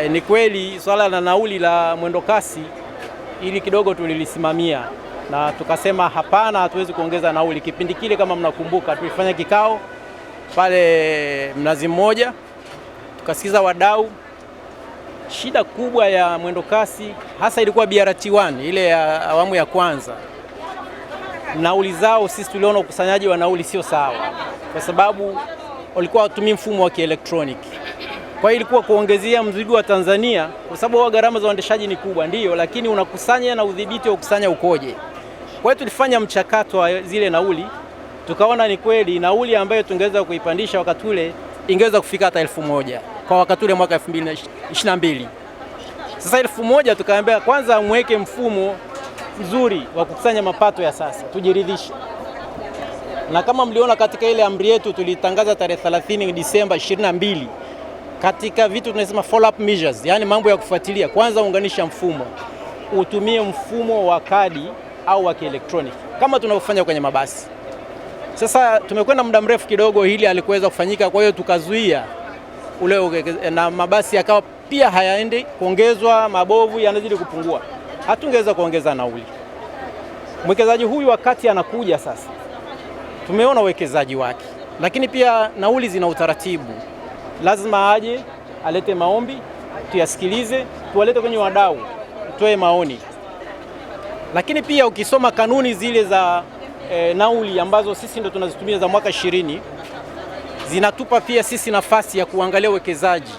E, ni kweli swala la nauli la mwendokasi ili kidogo tulilisimamia na tukasema hapana, hatuwezi kuongeza nauli. Kipindi kile kama mnakumbuka, tulifanya kikao pale Mnazi Mmoja, tukasikiza wadau. Shida kubwa ya mwendokasi hasa ilikuwa BRT1 ile ya awamu ya kwanza, nauli zao sisi tuliona ukusanyaji wa nauli sio sawa, kwa sababu walikuwa watumii mfumo wa kielektroniki kwa hiyo ilikuwa kuongezea mzigo wa Tanzania, kwa sababu gharama za uendeshaji ni kubwa, ndiyo, lakini unakusanya na udhibiti wa kusanya ukoje? Kwa hiyo tulifanya mchakato wa zile nauli, tukaona ni kweli nauli ambayo tungeweza kuipandisha wakati ule ingeweza kufika hata elfu moja kwa wakati ule mwaka 2022. Sasa elfu moja tukaambia kwanza mweke mfumo mzuri wa kukusanya mapato ya sasa tujiridhishe, na kama mliona katika ile amri yetu tulitangaza tarehe 30 Disemba 22 katika vitu tunasema follow up measures, yani mambo ya kufuatilia. Kwanza unganisha mfumo, utumie mfumo wa kadi au wa kielektronik kama tunavyofanya kwenye mabasi. Sasa tumekwenda muda mrefu kidogo, hili alikuweza kufanyika, kwa hiyo tukazuia ule na mabasi yakawa pia hayaendi kuongezwa, mabovu yanazidi kupungua, hatungeweza kuongeza nauli. Mwekezaji huyu wakati anakuja sasa, tumeona uwekezaji wake, lakini pia nauli zina utaratibu lazima aje alete maombi, tuyasikilize, tuwalete kwenye wadau, tutoe maoni. Lakini pia ukisoma kanuni zile za e, nauli ambazo sisi ndo tunazitumia za mwaka ishirini zinatupa pia sisi nafasi ya kuangalia uwekezaji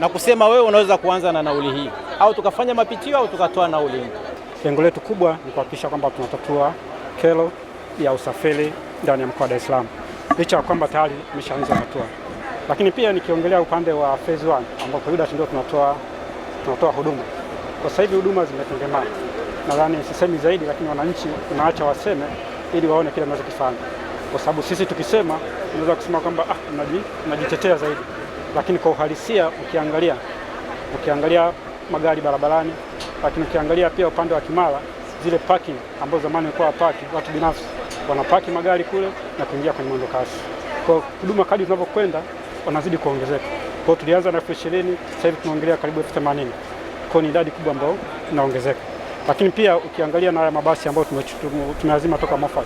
na kusema wewe unaweza kuanza na nauli hii, au tukafanya mapitio au tukatoa nauli hii. Lengo letu kubwa ni kuhakikisha kwamba tunatatua kero ya usafiri ndani ya mkoa wa Dar es Salaam, licha ya kwamba tayari imeshaanza hatua lakini pia nikiongelea upande wa phase 1 ambapo UDART ndio tunatoa, tunatoa huduma kwa sasa hivi, huduma zimetengemana. Nadhani sisemi zaidi, lakini wananchi tunaacha waseme ili waone kile tunachokifanya, kwa sababu sisi tukisema tunaweza kusema kwamba ah, tunajitetea zaidi, lakini kwa uhalisia ukiangalia, ukiangalia magari barabarani, lakini ukiangalia pia upande wa Kimara zile parking ambazo zamani ilikuwa parking watu binafsi wanapaki magari kule na kuingia kwenye mwendo kasi. Kwa huduma kadi tunavyokwenda wanazidi kuongezeka. Kwa tulianza na elfu ishirini, sasa hivi tunaongelea karibu elfu themanini. Kwa hiyo ni idadi kubwa ambayo inaongezeka, lakini pia ukiangalia na haya mabasi ambayo tumeazima toka Moffat,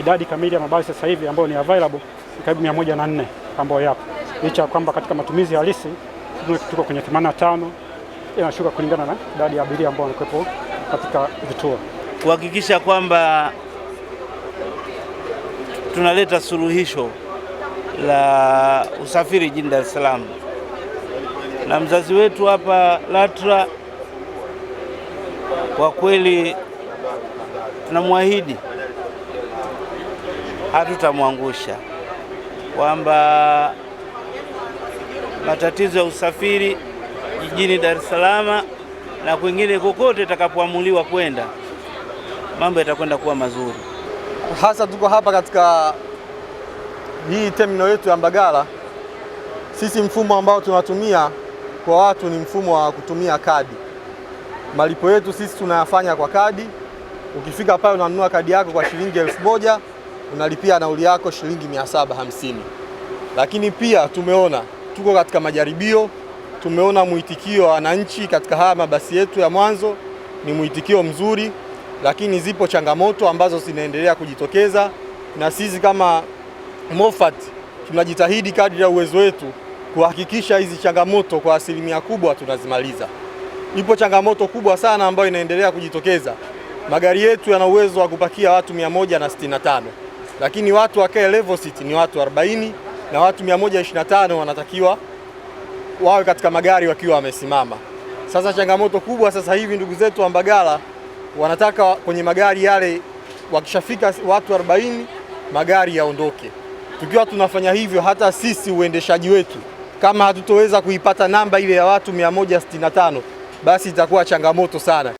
idadi kamili ya mabasi sasa hivi ambayo ni available karibu 104 ambayo yapo, licha ya kwamba katika matumizi halisi tuko kwenye 85 inashuka kulingana na idadi ya abiria ambao wanakuwepo katika vituo, kuhakikisha kwamba tunaleta suluhisho la usafiri jijini Dar es Salaam, na mzazi wetu hapa LATRA kwa kweli tunamwahidi hatutamwangusha, kwamba matatizo ya usafiri jijini Dar es Salaam na kwingine kokote itakapoamuliwa kwenda, mambo yatakwenda kuwa mazuri. Hasa tuko hapa katika hii terminal yetu ya Mbagala, sisi mfumo ambao tunatumia kwa watu ni mfumo wa kutumia kadi. Malipo yetu sisi tunayafanya kwa kadi. Ukifika pale unanunua kadi yako kwa shilingi elfu moja unalipia nauli yako shilingi mia saba hamsini. Lakini pia tumeona tuko katika majaribio, tumeona mwitikio wa wananchi katika haya mabasi yetu ya mwanzo ni mwitikio mzuri, lakini zipo changamoto ambazo zinaendelea kujitokeza na sisi kama MOFAT tunajitahidi kadri ya uwezo wetu kuhakikisha hizi changamoto kwa asilimia kubwa tunazimaliza. Ipo changamoto kubwa sana ambayo inaendelea kujitokeza. Magari yetu yana uwezo wa kupakia watu 165 lakini watu wakae level seat ni watu 40 na watu 125 wanatakiwa wawe katika magari wakiwa wamesimama. Sasa changamoto kubwa sasa hivi ndugu zetu wa Mbagala wanataka kwenye magari yale wakishafika watu 40 magari yaondoke. Tukiwa tunafanya hivyo, hata sisi uendeshaji wetu kama hatutoweza kuipata namba ile ya watu 165 basi itakuwa changamoto sana.